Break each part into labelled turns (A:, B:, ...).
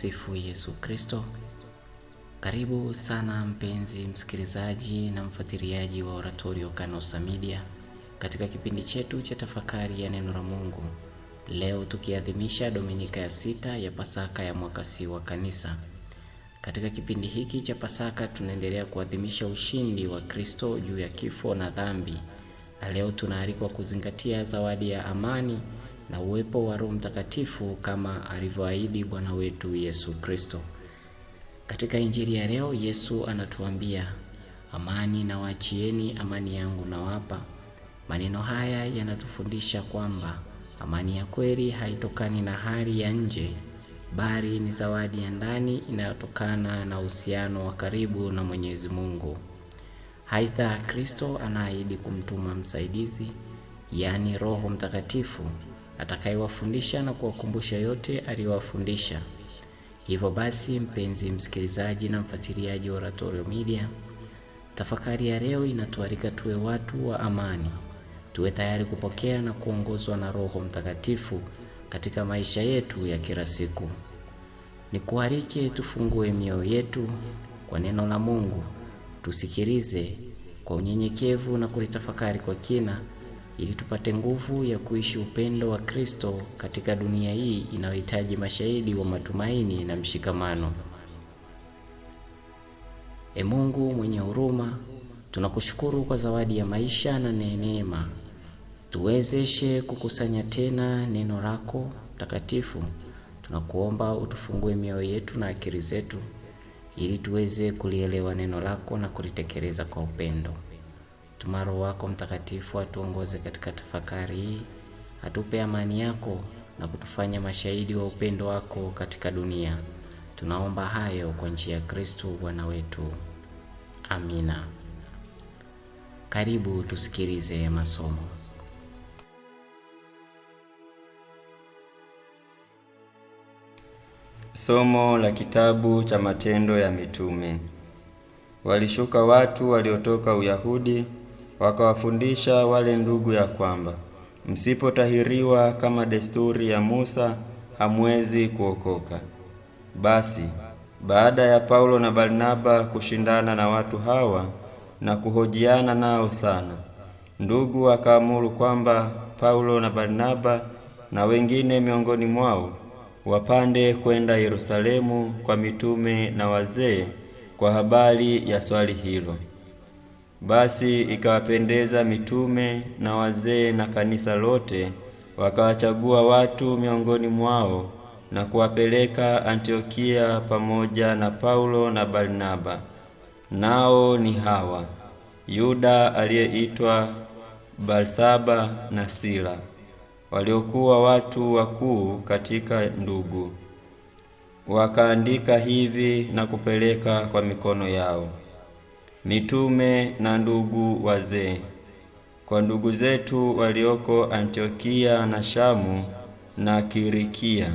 A: Tumsifu Yesu Kristo. Karibu sana mpenzi msikilizaji na mfuatiliaji wa Oratorio Kanosa Media katika kipindi chetu cha tafakari ya neno la Mungu, leo tukiadhimisha Dominika ya sita ya Pasaka ya mwaka C wa Kanisa. Katika kipindi hiki cha Pasaka tunaendelea kuadhimisha ushindi wa Kristo juu ya kifo na dhambi, na leo tunaalikwa kuzingatia zawadi ya amani na uwepo wa Roho Mtakatifu kama alivyoahidi Bwana wetu Yesu Kristo. Katika Injili ya leo, Yesu anatuambia, amani nawaachieni, amani yangu nawapa. Maneno haya yanatufundisha kwamba amani ya kweli haitokani na hali ya nje, bali ni zawadi ya ndani inayotokana na uhusiano wa karibu na Mwenyezi Mungu. Aidha, Kristo anaahidi kumtuma msaidizi, yaani Roho Mtakatifu atakayewafundisha na kuwakumbusha yote aliyowafundisha. Hivyo basi, mpenzi msikilizaji na mfuatiliaji wa Oratorio Media, tafakari ya leo inatualika tuwe watu wa amani, tuwe tayari kupokea na kuongozwa na Roho Mtakatifu katika maisha yetu ya kila siku. Nikualike tufungue mioyo yetu kwa neno la Mungu, tusikilize kwa unyenyekevu na kulitafakari kwa kina ili tupate nguvu ya kuishi upendo wa Kristo katika dunia hii inayohitaji mashahidi wa matumaini na mshikamano. E Mungu mwenye huruma, tunakushukuru kwa zawadi ya maisha na neema. Tuwezeshe kukusanya tena neno lako takatifu. Tunakuomba utufungue mioyo yetu na akili zetu ili tuweze kulielewa neno lako na kulitekeleza kwa upendo tumaro wako Mtakatifu atuongoze katika tafakari hii, atupe amani yako na kutufanya mashahidi wa upendo wako katika dunia. Tunaomba hayo kwa njia ya Kristo Bwana wetu, amina. Karibu tusikilize masomo. Somo la kitabu cha Matendo ya Mitume. Walishuka watu waliotoka Uyahudi wakawafundisha wale ndugu ya kwamba msipotahiriwa kama desturi ya Musa hamwezi kuokoka. Basi baada ya Paulo na Barnaba kushindana na watu hawa na kuhojiana nao sana, ndugu akaamuru kwamba Paulo na Barnaba na wengine miongoni mwao wapande kwenda Yerusalemu kwa mitume na wazee kwa habari ya swali hilo. Basi ikawapendeza mitume na wazee na kanisa lote, wakawachagua watu miongoni mwao na kuwapeleka Antiokia pamoja na Paulo na Barnaba. Nao ni hawa: Yuda aliyeitwa Barsaba na Sila, waliokuwa watu wakuu katika ndugu. Wakaandika hivi na kupeleka kwa mikono yao mitume na ndugu wazee, kwa ndugu zetu walioko Antiokia na Shamu na kirikia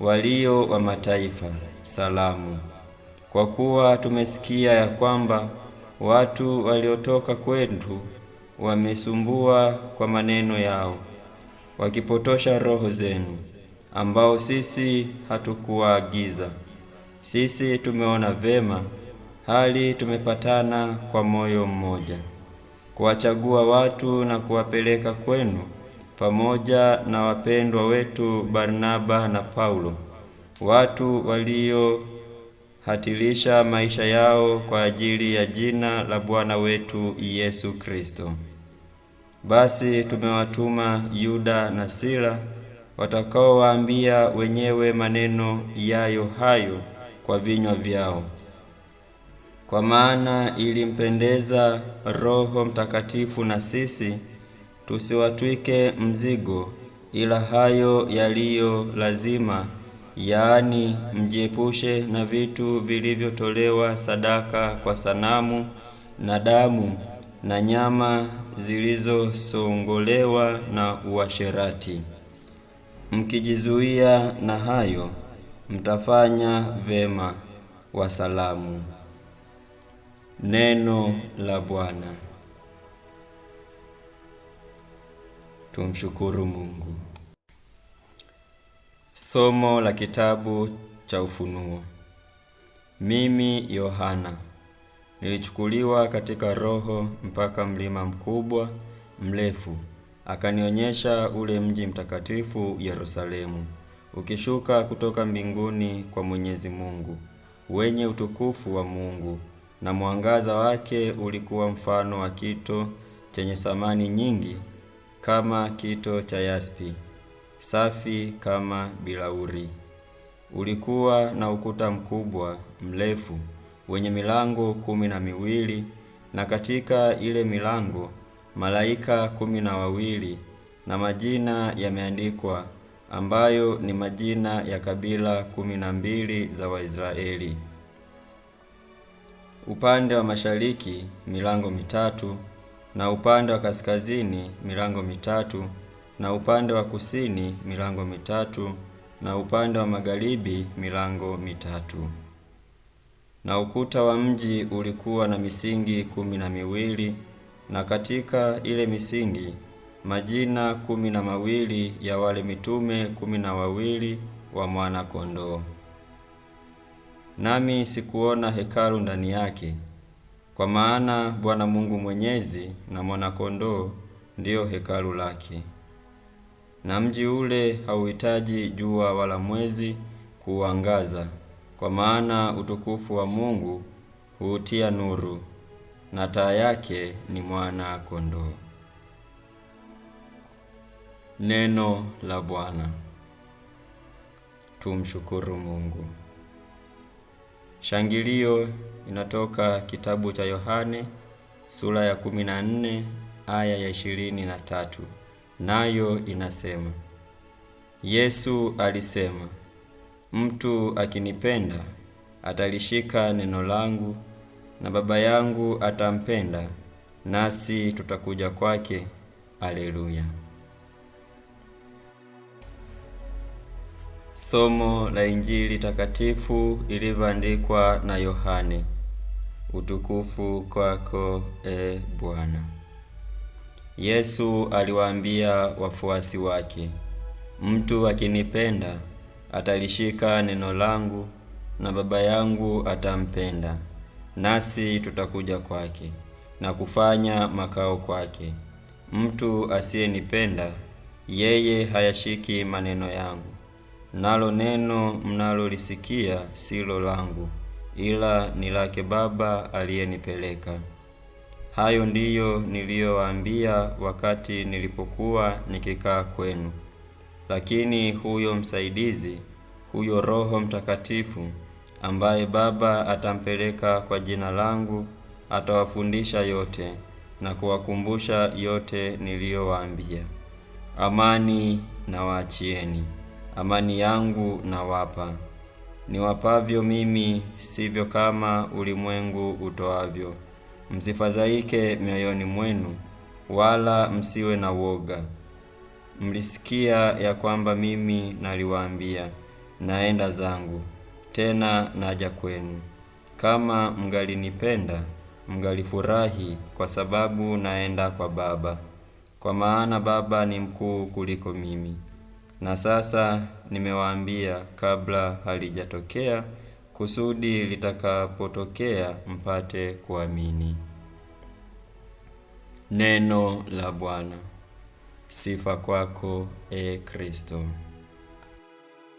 A: walio wa mataifa, salamu. Kwa kuwa tumesikia ya kwamba watu waliotoka kwetu wamesumbua kwa maneno yao, wakipotosha roho zenu, ambao sisi hatukuwaagiza. Sisi tumeona vema hali tumepatana kwa moyo mmoja, kuwachagua watu na kuwapeleka kwenu pamoja na wapendwa wetu Barnaba na Paulo, watu waliohatirisha maisha yao kwa ajili ya jina la Bwana wetu Yesu Kristo. Basi tumewatuma Yuda na Sila watakaowaambia wenyewe maneno yayo hayo kwa vinywa vyao. Kwa maana ilimpendeza Roho Mtakatifu na sisi tusiwatwike mzigo ila hayo yaliyo lazima, yaani mjiepushe na vitu vilivyotolewa sadaka kwa sanamu na damu na nyama zilizosongolewa na uasherati. Mkijizuia na hayo, mtafanya vema. Wasalamu. Neno la Bwana. Tumshukuru Mungu. Somo la kitabu cha Ufunuo. Mimi Yohana nilichukuliwa katika Roho mpaka mlima mkubwa mrefu, akanionyesha ule mji mtakatifu Yerusalemu, ukishuka kutoka mbinguni kwa Mwenyezi Mungu, wenye utukufu wa Mungu na mwangaza wake ulikuwa mfano wa kito chenye samani nyingi kama kito cha yaspi safi kama bilauri. Ulikuwa na ukuta mkubwa mrefu wenye milango kumi na miwili, na katika ile milango malaika kumi na wawili na majina yameandikwa ambayo ni majina ya kabila kumi na mbili za Waisraeli upande wa mashariki milango mitatu na upande wa kaskazini milango mitatu na upande wa kusini milango mitatu na upande wa magharibi milango mitatu. Na ukuta wa mji ulikuwa na misingi kumi na miwili na katika ile misingi majina kumi na mawili ya wale mitume kumi na wawili wa mwana kondoo nami sikuona hekalu ndani yake, kwa maana Bwana Mungu Mwenyezi na Mwanakondoo ndiyo hekalu lake, na mji ule hauhitaji jua wala mwezi kuuangaza, kwa maana utukufu wa Mungu huutia nuru, na taa yake ni Mwana-Kondoo. Neno la Bwana. Tumshukuru Mungu. Shangilio inatoka kitabu cha Yohane sura ya 14 aya ya 23, nayo inasema Yesu alisema, mtu akinipenda atalishika neno langu, na Baba yangu atampenda, nasi tutakuja kwake. Aleluya. Somo la Injili takatifu ilivyoandikwa na Yohane. Utukufu kwako e Bwana. Yesu aliwaambia wafuasi wake, mtu akinipenda atalishika neno langu, na Baba yangu atampenda, nasi tutakuja kwake na kufanya makao kwake. Mtu asiyenipenda yeye hayashiki maneno yangu nalo neno mnalolisikia silo langu, ila ni lake Baba aliyenipeleka. Hayo ndiyo niliyowaambia wakati nilipokuwa nikikaa kwenu. Lakini huyo msaidizi, huyo Roho Mtakatifu ambaye Baba atampeleka kwa jina langu, atawafundisha yote na kuwakumbusha yote niliyowaambia. Amani na waachieni amani yangu nawapa, niwapavyo mimi sivyo kama ulimwengu utoavyo. Msifadhaike mioyoni mwenu, wala msiwe na woga. Mlisikia ya kwamba mimi naliwaambia, naenda zangu tena naja kwenu. Kama mngalinipenda mngalifurahi, kwa sababu naenda kwa Baba, kwa maana Baba ni mkuu kuliko mimi. Na sasa nimewaambia kabla halijatokea, kusudi litakapotokea mpate kuamini. Neno la Bwana. Sifa kwako, E Kristo.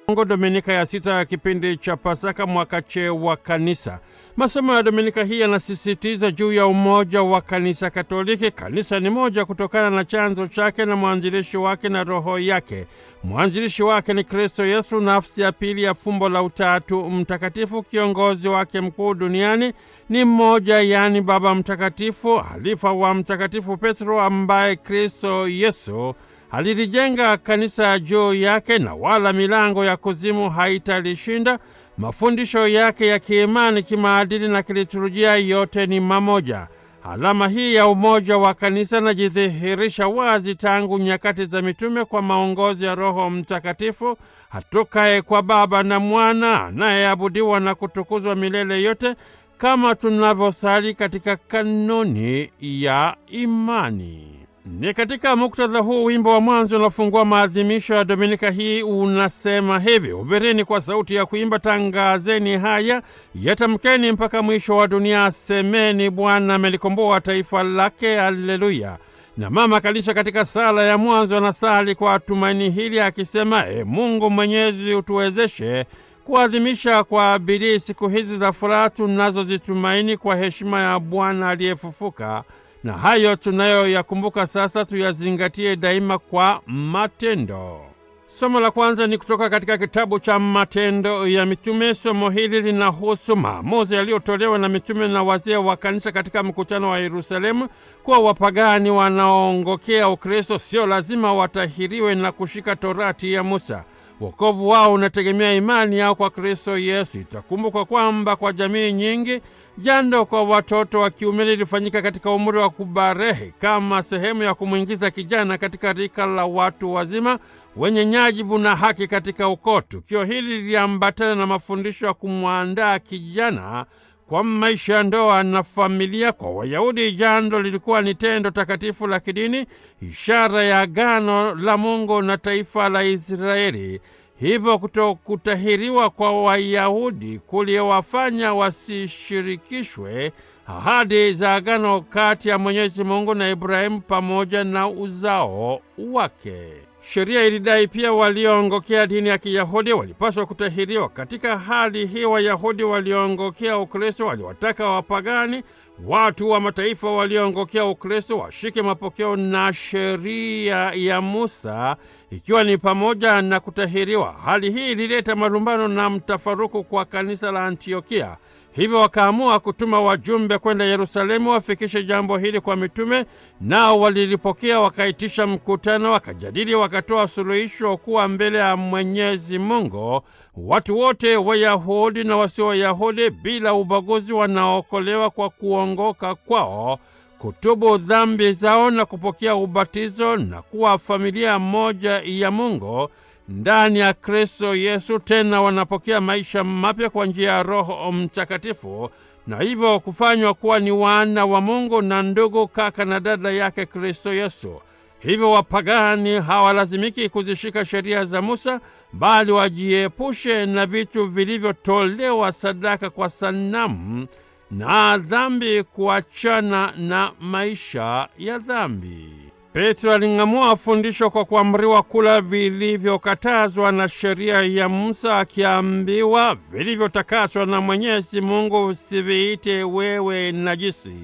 A: Kongo, dominika ya sita ya kipindi cha Pasaka mwaka che wa Kanisa. Masomo ya dominika hii yanasisitiza juu ya umoja wa kanisa Katoliki. Kanisa ni moja kutokana na chanzo chake na mwanzilishi wake na roho yake. Mwanzilishi wake ni Kristo Yesu, nafsi ya pili ya fumbo la Utatu Mtakatifu. Kiongozi wake mkuu duniani ni mmoja, yaani Baba Mtakatifu, halifa wa Mtakatifu Petro ambaye Kristo Yesu alilijenga kanisa juu yake na wala milango ya kuzimu haitalishinda. Mafundisho yake ya kiimani, kimaadili na kiliturujia yote ni mamoja. Alama hii ya umoja wa kanisa najidhihirisha wazi tangu nyakati za mitume kwa maongozi ya Roho Mtakatifu hatukaye kwa Baba na Mwana anayeabudiwa na kutukuzwa milele yote, kama tunavyosali katika kanuni ya imani. Ni katika muktadha huu wimbo wa mwanzo unaofungua maadhimisho ya dominika hii unasema hivi: ubereni kwa sauti ya kuimba, tangazeni haya, yatamkeni mpaka mwisho wa dunia, semeni Bwana amelikomboa taifa lake, aleluya Na mama Kanisa katika sala ya mwanzo anasali kwa tumaini hili akisema, e Mungu Mwenyezi, utuwezeshe kuadhimisha kwa bidii siku hizi za furaha tunazozitumaini kwa heshima ya Bwana aliyefufuka na hayo tunayoyakumbuka sasa tuyazingatie daima kwa matendo. Somo la kwanza ni kutoka katika kitabu cha Matendo ya Mitume. Somo hili linahusu maamuzi yaliyotolewa na mitume na wazee wa kanisa katika mkutano wa Yerusalemu kuwa wapagani wanaoongokea Ukristo sio lazima watahiriwe na kushika torati ya Musa. Wokovu wao unategemea imani yao kwa Kristo Yesu. Itakumbukwa kwamba kwa jamii nyingi Jando kwa watoto wa kiume lilifanyika katika umri wa kubarehe kama sehemu ya kumwingiza kijana katika rika la watu wazima wenye nyajibu na haki katika ukoo. Tukio hili liliambatana na mafundisho ya kumwandaa kijana kwa maisha ya ndoa na familia. Kwa Wayahudi, jando lilikuwa ni tendo takatifu la kidini, ishara ya agano la Mungu na taifa la Israeli hivyo kutokutahiriwa kwa Wayahudi kuliowafanya wasishirikishwe ahadi za agano kati ya Mwenyezi Mungu na Ibrahimu pamoja na uzao wake. Sheria ilidai pia walioongokea dini ya Kiyahudi walipaswa kutahiriwa. Katika hali hii, Wayahudi walioongokea Ukristo waliwataka wapagani watu wa mataifa walioongokea Ukristo washike mapokeo na sheria ya Musa, ikiwa ni pamoja na kutahiriwa. Hali hii ilileta malumbano na mtafaruku kwa kanisa la Antiokia. Hivyo wakaamua kutuma wajumbe kwenda Yerusalemu wafikishe jambo hili kwa mitume, nao walilipokea wakaitisha mkutano, wakajadili, wakatoa suluhisho kuwa mbele ya Mwenyezi Mungu watu wote Wayahudi na wasio Wayahudi bila ubaguzi wanaokolewa kwa kuongoka kwao, kutubu dhambi zao na kupokea ubatizo na kuwa familia moja ya Mungu ndani ya Kristo Yesu, tena wanapokea maisha mapya kwa njia ya Roho Mtakatifu na hivyo kufanywa kuwa ni wana wa Mungu na ndugu, kaka na dada yake Kristo Yesu. Hivyo wapagani hawalazimiki kuzishika sheria za Musa, bali wajiepushe na vitu vilivyotolewa sadaka kwa sanamu na dhambi, kuachana na maisha ya dhambi. Petro aling'amua fundisho kwa kuamriwa kula vilivyokatazwa na sheria ya Musa, akiambiwa vilivyotakaswa na Mwenyezi Mungu usiviite wewe najisi,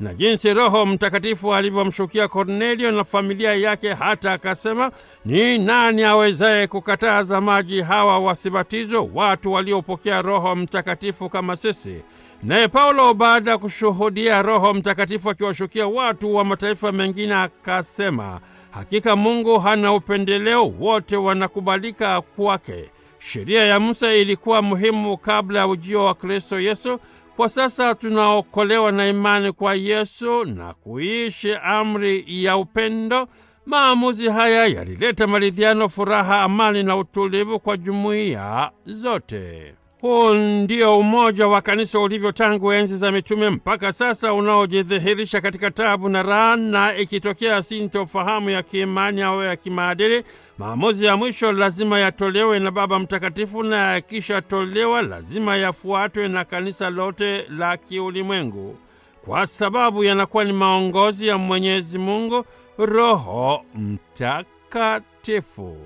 A: na jinsi Roho Mtakatifu alivyomshukia Kornelio na familia yake, hata akasema, ni nani awezaye kukataza maji hawa wasibatizwe, watu waliopokea Roho Mtakatifu kama sisi? Naye Paulo baada ya kushuhudia Roho Mtakatifu akiwashukia watu wa mataifa mengine akasema, hakika Mungu hana upendeleo, wote wanakubalika kwake. Sheria ya Musa ilikuwa muhimu kabla ya ujio wa Kristo Yesu. Kwa sasa tunaokolewa na imani kwa Yesu na kuishi amri ya upendo. Maamuzi haya yalileta maridhiano, furaha, amani na utulivu kwa jumuiya zote. Huu ndio umoja wa kanisa ulivyo tangu enzi za mitume mpaka sasa, unaojidhihirisha katika tabu na raha, na ikitokea sintofahamu ya kiimani au ya kimaadili, maamuzi ya mwisho lazima yatolewe na Baba Mtakatifu, na yakishatolewa lazima yafuatwe na kanisa lote la kiulimwengu, kwa sababu yanakuwa ni maongozi ya Mwenyezi Mungu Roho Mtakatifu.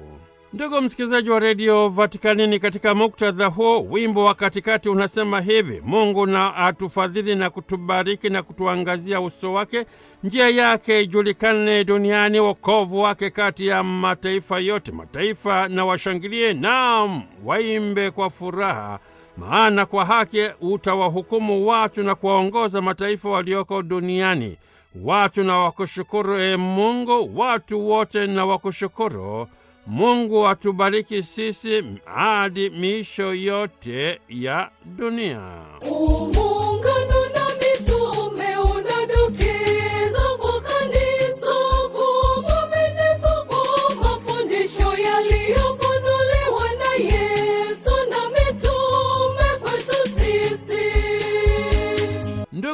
A: Ndugu msikilizaji wa redio Vatikanini, katika muktadha huo, wimbo wa katikati unasema hivi: Mungu na atufadhili na kutubariki na kutuangazia uso wake, njia yake ijulikane duniani, wokovu wake kati ya mataifa yote. Mataifa na washangilie, naam, waimbe kwa furaha, maana kwa haki utawahukumu watu na kuwaongoza mataifa walioko duniani. Watu na wakushukuru, e Mungu, watu wote na wakushukuru Mungu atubariki sisi hadi miisho yote ya dunia.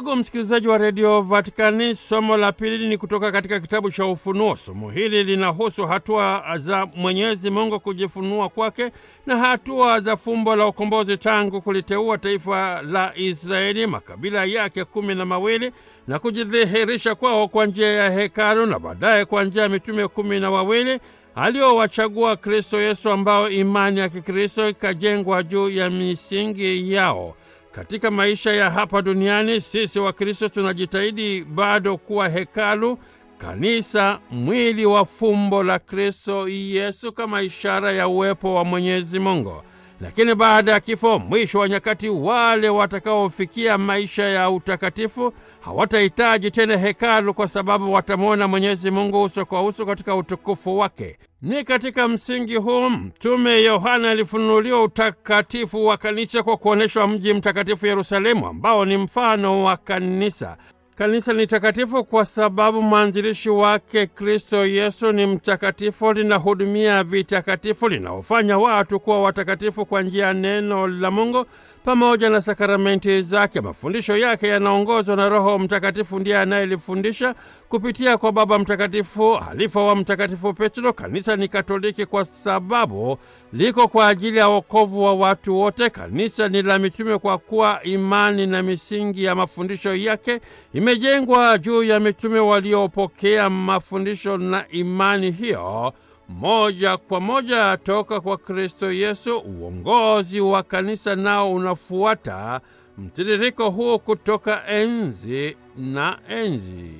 B: Ndugu msikilizaji wa redio Vatikani, somo la pili ni kutoka katika kitabu cha Ufunuo. Somo hili linahusu hatua za Mwenyezi Mungu kujifunua kwake na hatua za fumbo la ukombozi tangu kuliteua taifa la Israeli, makabila yake kumi na mawili na kujidhihirisha kwao kwa njia ya hekalu na baadaye kwa njia ya mitume kumi na wawili aliowachagua Kristo Yesu, ambao imani ya Kikristo ikajengwa juu ya misingi yao. Katika maisha ya hapa duniani sisi Wakristo tunajitahidi bado kuwa hekalu, kanisa, mwili wa fumbo la Kristo Yesu kama ishara ya uwepo wa Mwenyezi Mungu. Lakini baada ya kifo, mwisho wa nyakati, wale watakaofikia maisha ya utakatifu hawatahitaji tena hekalu, kwa sababu watamwona Mwenyezi Mungu uso kwa uso katika utukufu wake. Ni katika msingi huu Mtume Yohana alifunuliwa utakatifu wa kanisa kwa kuonyeshwa mji mtakatifu Yerusalemu, ambao ni mfano wa kanisa. Kanisa ni takatifu kwa sababu mwanzilishi wake Kristo Yesu ni mtakatifu, linahudumia vitakatifu, linaofanya watu kuwa watakatifu kwa njia ya neno la Mungu pamoja na sakramenti zake. Mafundisho yake yanaongozwa na Roho Mtakatifu, ndiye anayelifundisha kupitia kwa Baba Mtakatifu, halifa wa Mtakatifu Petro. Kanisa ni Katoliki kwa sababu liko kwa ajili ya wokovu wa watu wote. Kanisa ni la mitume kwa kuwa imani na misingi ya mafundisho yake imejengwa juu ya mitume waliopokea mafundisho na imani hiyo moja kwa moja toka kwa Kristo Yesu. Uongozi wa kanisa nao unafuata mtiririko huo kutoka enzi na enzi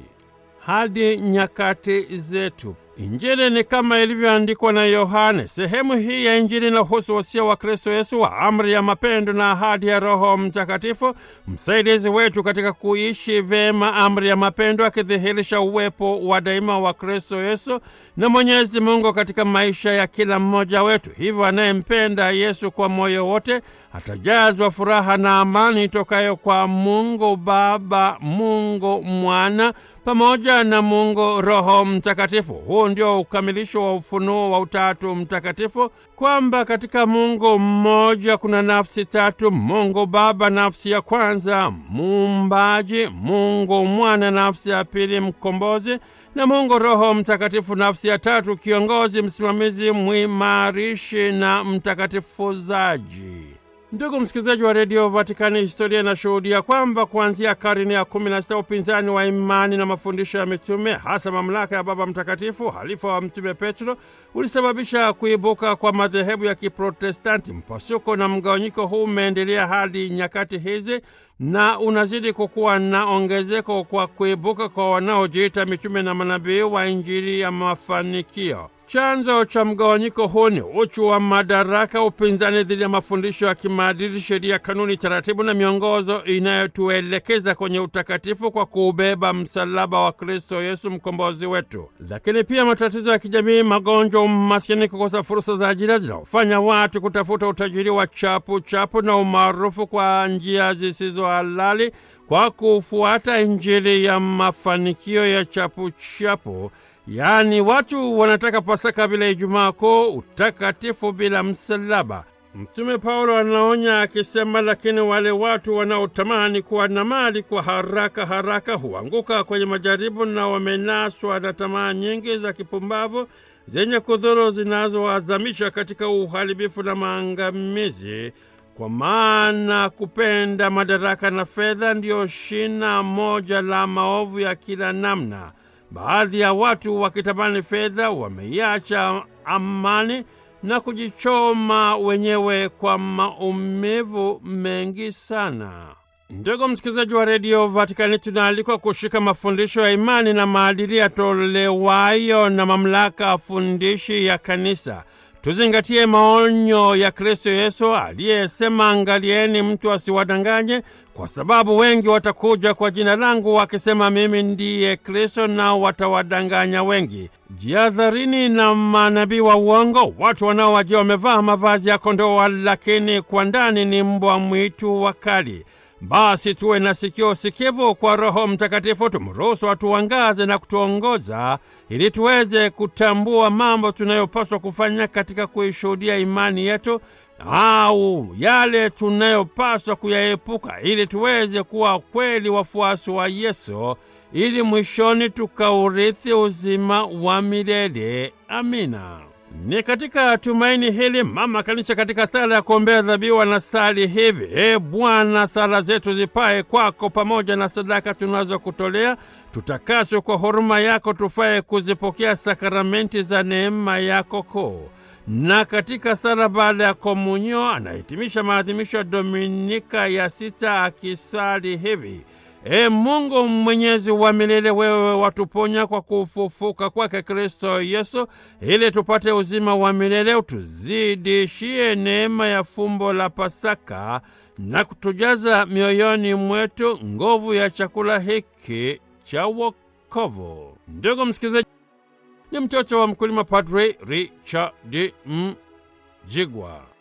B: hadi nyakati zetu. Injili ni kama ilivyoandikwa na Yohane. Sehemu hii ya Injili inahusu wasia wa Kristo Yesu wa amri ya mapendo na ahadi ya Roho Mtakatifu, msaidizi wetu katika kuishi vema amri ya mapendo, akidhihirisha uwepo wa daima wa Kristo Yesu na Mwenyezi Mungu katika maisha ya kila mmoja wetu. Hivyo anayempenda Yesu kwa moyo wote atajazwa furaha na amani itokayo kwa Mungu Baba, Mungu Mwana pamoja na Mungu Roho Mtakatifu. Huu ndio ukamilisho wa ufunuo wa Utatu Mtakatifu, kwamba katika Mungu mmoja kuna nafsi tatu: Mungu Baba, nafsi ya kwanza muumbaji; Mungu Mwana, nafsi ya pili mkombozi; na Mungu Roho Mtakatifu, nafsi ya tatu kiongozi, msimamizi, mwimarishi na mtakatifuzaji. Ndugu msikilizaji wa redio Vatikani, historia inashuhudia kwamba kuanzia karne ya 16 upinzani wa imani na mafundisho ya mitume, hasa mamlaka ya Baba Mtakatifu, halifa wa Mtume Petro, ulisababisha kuibuka kwa madhehebu ya Kiprotestanti. Mpasuko na mgawanyiko huu umeendelea hadi nyakati hizi, na unazidi kukuwa na ongezeko kwa kuibuka kwa wanaojiita mitume na manabii wa Injili ya mafanikio. Chanzo cha mgawanyiko huu ni uchu wa madaraka, upinzani dhidi ya mafundisho ya kimaadili, sheria, kanuni, taratibu na miongozo inayotuelekeza kwenye utakatifu kwa kuubeba msalaba wa Kristo Yesu mkombozi wetu. Lakini pia matatizo ya kijamii, magonjwa, umaskini, kukosa fursa za ajira zinaofanya watu kutafuta utajiri wa chapu chapu na umaarufu kwa njia zisizo halali kwa kufuata Injili ya mafanikio ya chapuchapu, yaani watu wanataka Pasaka bila Ijumaa Kuu, utakatifu bila msalaba. Mtume Paulo anaonya akisema, lakini wale watu wanaotamani kuwa na mali kwa haraka haraka huanguka kwenye majaribu na wamenaswa na tamaa nyingi za kipumbavu zenye kudhuru zinazowazamisha katika uharibifu na maangamizi kwa maana kupenda madaraka na fedha ndiyo shina moja la maovu ya kila namna. Baadhi ya watu wakitamani fedha wameiacha amani na kujichoma wenyewe kwa maumivu mengi sana. Ndugu msikilizaji wa redio Vatikani, tunaalikwa kushika mafundisho ya imani na maadili yatolewayo na mamlaka fundishi ya kanisa. Tuzingatie maonyo ya Kristo Yesu aliyesema, angalieni mtu asiwadanganye, kwa sababu wengi watakuja kwa jina langu wakisema mimi ndiye Kristo, nao watawadanganya wengi. jiadharini na manabii wa uongo, watu wanaowajia wamevaa mavazi ya kondoo, lakini kwa ndani ni mbwa mwitu wakali basi tuwe na sikio sikivu kwa Roho Mtakatifu, tumruhusu atuangaze na kutuongoza ili tuweze kutambua mambo tunayopaswa kufanya katika kuishuhudia imani yetu au yale tunayopaswa kuyaepuka ili tuweze kuwa kweli wafuasi wa Yesu ili mwishoni tukaurithi uzima wa milele. Amina. Ni katika tumaini hili mama kanisa katika sala ya kuombea dhabihu sali hivi: E Bwana, sala zetu zipae kwako, pamoja na sadaka tunazokutolea, tutakaswe kwa huruma yako, tufae kuzipokea sakramenti za neema yako kuu. Na katika sala baada ya komunyo anahitimisha maadhimisho ya Dominika ya sita akisali hivi: e Mungu mwenyezi wa milele, wewe watuponya kwa kufufuka kwake Kristo Yesu, ili tupate uzima wa milele, utuzidishie neema ya fumbo la Pasaka na kutujaza mioyoni mwetu nguvu ya chakula hiki cha wokovu. Ndugu msikilizaji, ni mtoto wa mkulima Padri Richard Mjigwa.